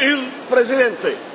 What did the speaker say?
il presidente.